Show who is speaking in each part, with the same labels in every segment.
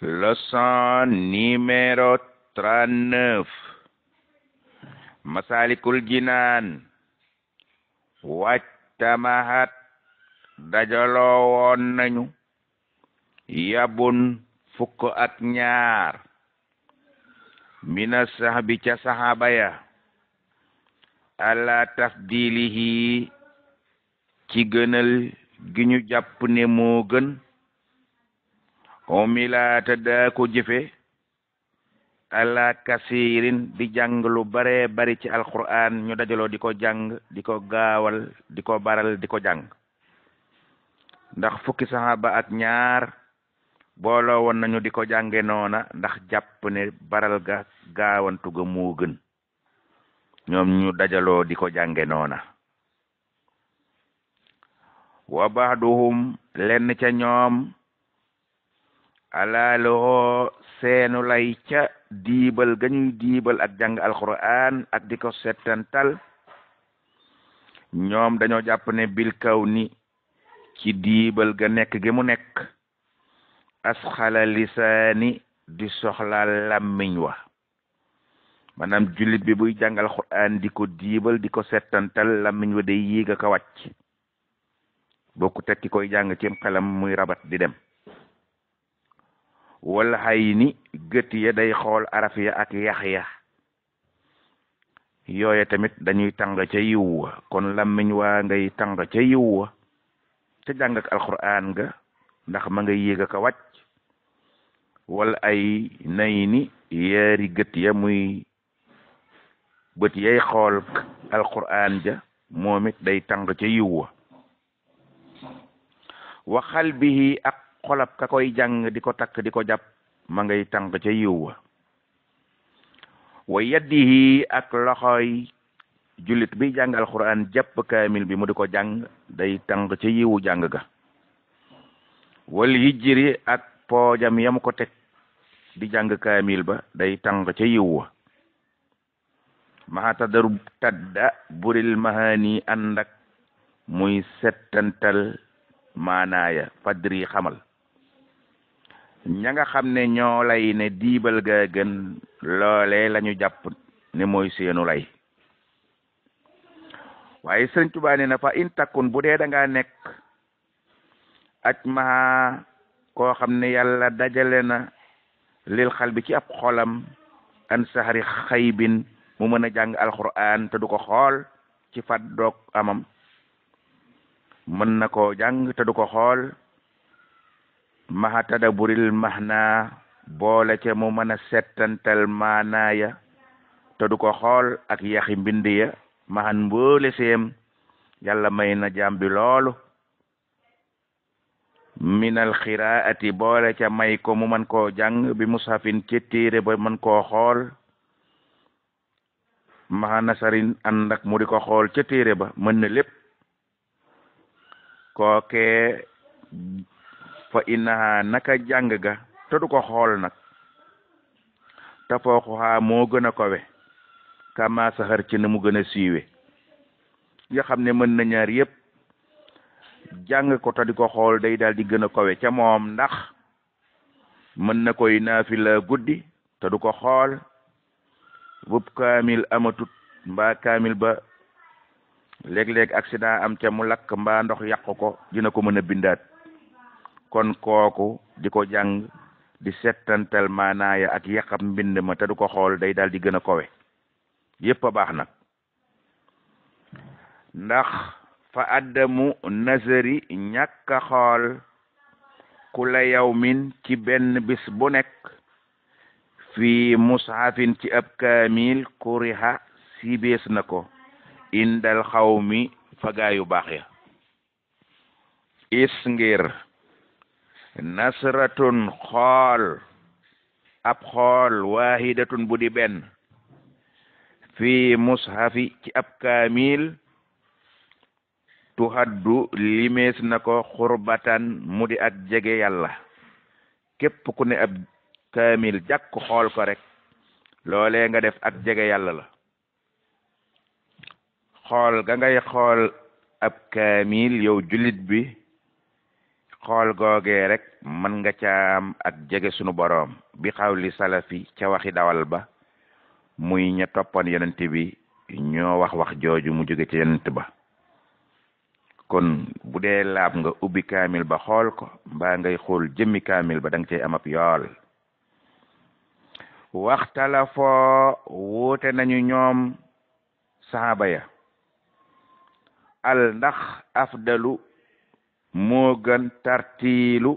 Speaker 1: leçon numéro trente-neuf masalikul jinaan wajtamahat dajaloo woon nañu yabun fukk ak ñaar mina sahbi ca sahaba ya ala tafdilihi ci gënal gi ñu jàpp ne moo gën omilata daa ko jëfe ala kasirin di jàng lu bare bari ci alquran ñu dajaloo di ko jàng di ko gaawal di ko baral di ko jàng ndax fukki saxaaba ak ñaar booloo woon nañu di ko jànge noona ndax jàpp ne baral ga gaawantu ga moo ñoom ñu dajaloo di ko jànge noona wa baaduhum lenn ca ñoom alaaloo seenu lay ca diibal ga ñuy diibal ak jàng alquran ak di ko settantal ñoom dañoo jàpp ne bil kaw ni ci diibal ga nekk gi mu nekk asxala lisaani di soxla làmmiñ wa maanaam jullit bi buy jàng alquran di ko diibal di settantal làmmiñ wa day yéeg a ko wàcc bokku tekki koy jàng cim xelam muy rabat di dem wala xay ni gët ya day xool araf ya ak yax ya yooya tamit dañuy tàng ca yiw wa kon làmmiñ waa ngay tàng ca yiw wa te jàng ak alquran nga ndax ma nga yéeg ak a wàcc wala ay nay ni yaari gët ya muy bët yay xool alquran ja moom it day tàng ci yiw wa wa xalbihi ak xolab ka koy jàng di ko takk di ko jàpp ma ngay tànk ca yiw wa wa yaddihi ak loxoy jullit bi jàng alquran jàpp kaamil bi mu di ko jàng day tànk ca yiwu jàng ga wal hijri ak poojam yam ko teg di jàng kaamil ba day tànk ca yiw wa maxata darub tadda buril mahani ànd ak muy settantal maanaaya fadri xamal ña nga xam ne ñoo lay ne diibal gaa gën loole lañu jàpp ne mooy seenu lay waaye sëriñ Tuubaa na fa in takkun bu dee da ngaa nekk aj ma koo xam ne yàlla dajale na lil xal bi ci ab xolam an saxari xaybin mu mën a jàng alquran te du ko xool ci fat doog amam mën na koo jàng te ko xool maxatada buril maxna boole ca mu mën a settantal manaya ya du ko xool ak yaxi mbind ya maxan mboole seem yàlla may na jaam bi loolu minal xiraati boole ca may ko mu man koo jàng bi mu ci téere ba man koo xool maxa nasarin ànd ak mu di ko xool ca téere ba mën na lépp kookee fa innaha naka jàng ga te du ko xool nag tafooxuxaa moo gën a kowe kama saxar ci na mu gën a siiwe nga xam ne mën na ñaar yépp jàng ko te di ko xool day daal di gën a kowe ca moom ndax mën na koy naafila guddi te ko xool bub kaamil amatut mbaa kaamil ba léeg-léeg accident am ca mu lakk mbaa ndox yàq ko dina ko mën a bindaat kon kooku di ko jàng di settantal maanaaya ak yàqab mbind ma te ko xool day daal di gën a kowe yépp a baax na ndax fa addamu nazari ñàkk xool ku la yow min ci benn bis bu nekk fii mushafin ci ab kaamil kuriha si bees na ko indal xaw mi fagaayu baax ya is ngir nasratun xool ab xool waahidatun bu di benn fii mushafi ci ab kaamil tuhaddu limees na ko xurbatan mu di ak jege yàlla képp ku ne ab kaamil jàkk xool ko rek loolee nga def ak jege yàlla la xool ga ngay xool ab kaamil yow jullit bi xool googee rek mën nga ca am ak jege sunu boroom bi xawli salafi ca waxi dawal ba muy ña toppoon yonent bi ñoo wax wax jooju mu jóge ca yonent ba kon bu dee laab nga ubbi kamil ba xool ko mbaa ngay xool jëmmi kaamil ba danga cay am yool waxtala foo wuute nañu ñoom saaba ya al ndax afdalu moo gën tartiilu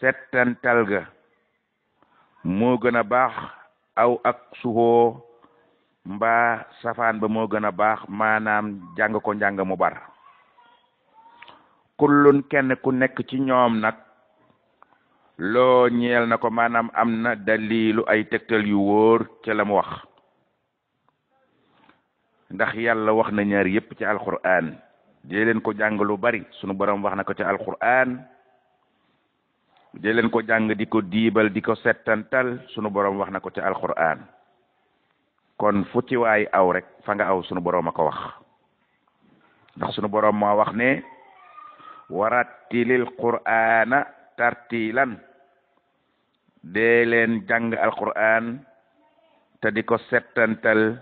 Speaker 1: settantal ga moo gën a baax aw ak suhoo mbaa safaan ba moo gën a baax maanaam jàng ko njàng mu bar kullun kenn ku nekk ci ñoom nag loo ñeel na ko maanaam am na dalilu ay tegtal yu wóor ca la wax ndax yàlla wax na ñaar yépp ci alquran dee leen ko jàng lu bari sunu borom wax na ko ci alquran dee leen ko jàng di ko diibal di ko settantal sunu borom wax na ko ci alquran kon fu ci aw rek fa nga aw sunu borom a ko wax ndax sunu borom moo wax ne warattilil qur'ana tartilan dee leen jàng alquran te di ko settantal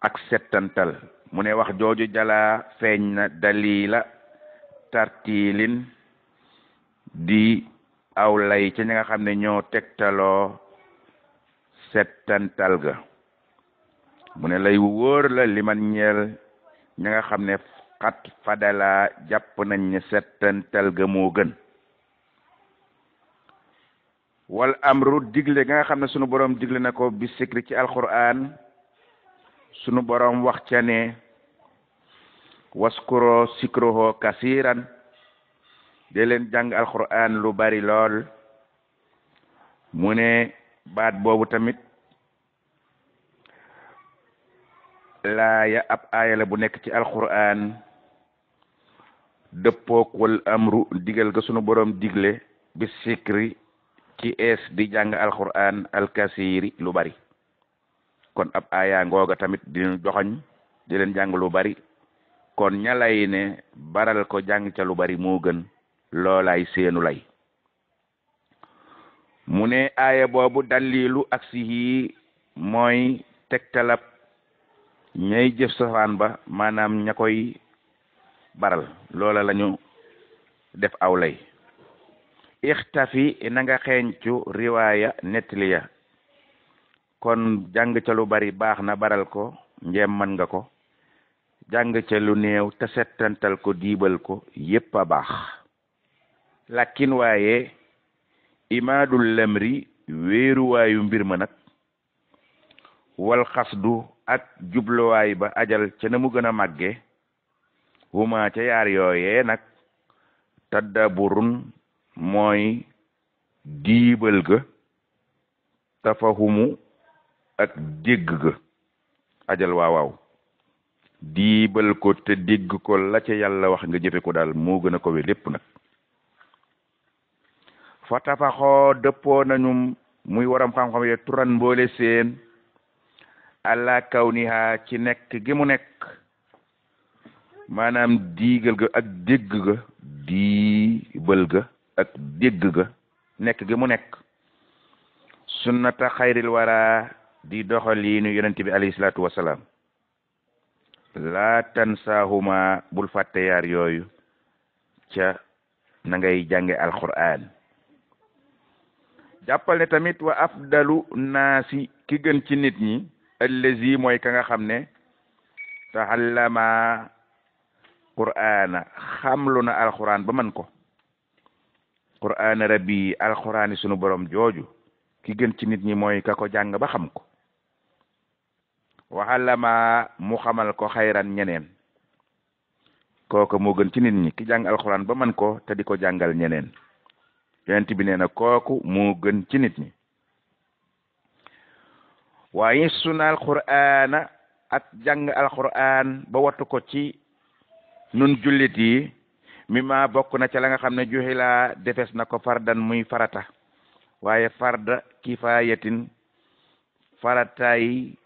Speaker 1: ak settantal mu ne wax jooju jalaa feeñ na dalila tartilin di aw lay ca ñi nga xam ne ñoo tegtaloo settantal ga mu ne lay wu la liman ñeel ña nga xam ne xat fadala jàpp nañ ne settantal ga moo gën wal amru digle nga xam ne sunu borom digle na ko bi sikri ci alquran sunu borom wax ca ne waskuro sikroho kasiran de leen jàng alquran lu bari lool mu ne baat boobu tamit laaya ab aaya bu nekk ci alquran dëppook wal amru digal ga sunu borom digle bi sikri ci es di jàng alquran alkasiri lu bari kon ab aaya ngooga tamit dinu joxoñ di leen jàng lu bari kon ña lay ne baral ko jàng ca lu bari moo gën loolaay seenu lay mu ne aaya boobu dalilu aksi yi mooy teg tegtalab ñay jëf safaan ba maanaam ña koy baral loola lañu def aw lay ixtafi na nga xeeñcu riwaaya nettali ya kon jàng ca lu bari baax na baral ko njeem mën nga ko jàng ca lu néew te settantal ko diibal ko yépp a baax lakin waaye imaadul lamri wéeruwaayu mbir ma nag wal xasdu ak jubluwaay ba ajal ca na mu gën a màgge huma ca yaar yooyee nag taddaburun mooy diibal ga tafahumu ak dégg ga ajal waaw waaw diibal ko te dégg ko la ca yàlla wax nga jëfe ko daal moo gën a ko we lépp nag fatafaxoo dëppoo nañu muy waram xam-xam ye turan mboole seen àlla kaw niha ci nekk gi mu nekk maanaam diigal ga ak dégg ga diibal ga ak dégg ga nekk gi mu nekk sunnata xayril wara di doxal yi nu yonente bi alayhi salaatu wasalaam laa bul fàtte yaar yooyu ca na ngay jànge alquran jàppal ne tamit wa afdalu naasi ki gën ci nit ñi allazi mooy ka nga xam ne taxallama qur'ana xamlu na alquran ba man ko qur'ana rabbi alqurani sunu borom jooju ki gën ci nit ñi mooy ka ko jàng ba xam ko waxalama mu xamal ko xayran ñeneen kooku moo gën ci nit ñi ki jàng alxuraan ba man ko te di ko jàngal ñeneen yonent bi nee na kooku moo gën ci nit ñi waaye suna alxuraana ak jàng alxuraan ba wattu ko ci nun jullit mi ma bokk na ca la nga xam ne juxilaa defes na ko fardan muy farata waaye farda kifayatin farataay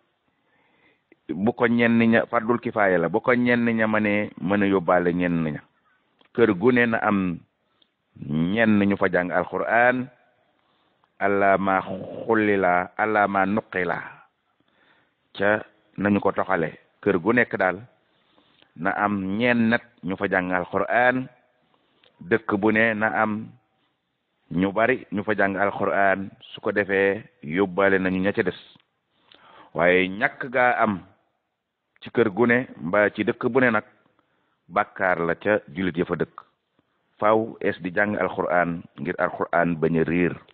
Speaker 1: bu ko ñenn ña fardul kifaaya la bu ko ñenn ña mane ne yóbbaale ñenn ña kër gu ne na am ñenn ñu fa jàng alquran allah ma xulli laa allah ma nuqi ko toxale kër gu nekk daal na am ñeen nat ñu fa jàng alquran dëkk bu ne na am ñu bari ñu fa jàng alquran su ko defee yóbbaale nañu ña ca waaye ñàkk gaa am ci kër gu ne ci dëkk bu ne nag bàkkaar la ca jullit ya a dëkk faw es di jàng alquran ngir alquran bañ a